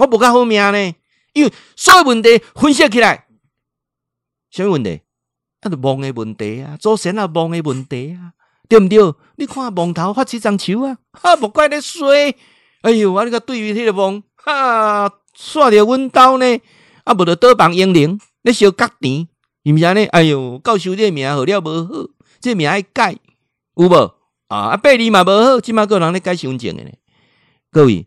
我無較好命咧，因為所有問題分析起來，啥物問題？阿啲望誒問題啊，祖先啊望誒問題啊，對毋對？你看夢頭發起爭執啊，哈！無怪你衰，哎喲，我你甲對面迄個夢，哈！耍着阮兜呢，啊，無着倒房英靈，你小錢，是毋是安尼？哎呦！教、啊、修、啊、呢、啊哎、名好了無好，呢、這個、名要改，有無？啊！啊，八字嘛無好，起碼個人要改身份證誒咧，各位。